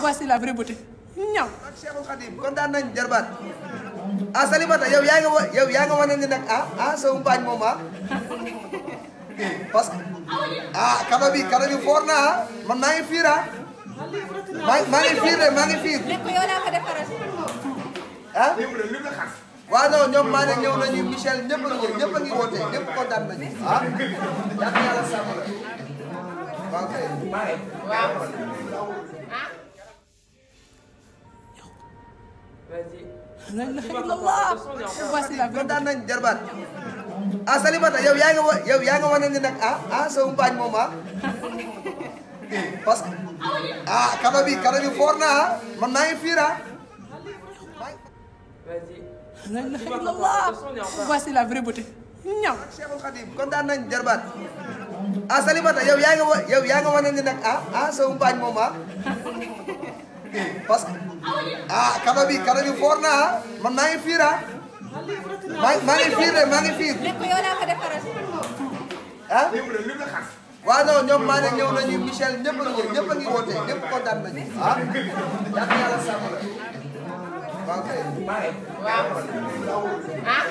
voici la vraie beauté ñaw ak Cheikhul Khadim kontaan nañ jarbaat ah Salimata yow yaa nga wa yow yaa nga wane ni nag ah ah sa mbaañ moom ah parce que ah kado bi kado bi foor na ah man maa ngi fiir ah maa maa ngi fiir de maa ngi fiir ah waaw non ñoom maa ne ñëw nañu Michel ñëpp a ngi ñëpp a ngi woote ñëpp kontaan nañu ah yàlla yàlla sàmm la kontaan nañ jarbaat ah Salimata yow yaa nga wa yow yaa nga wane ne nag moom ah parce que ah kado bi kado bi foor na ah man maa ngi fiir ah voici la vraie beauté ñaw Cheikhul Khadim kontaan nañ jarbaat ah Salimata yow yaa ngi wa yow yaa ngi wane ni nag ah ah sa umpaañ moom ah parce que ah kaba bi kaba bi foor na ah man maa ngi fiir ah maa maa ngi fiir de maa ngi fiir ah waaw non ñoom maa ne ñëw nañu Michel ñëpp a ngi ñëpp a ngi woote ñëpp kontaan nañu ah yàlla na yàlla sàmm la waaw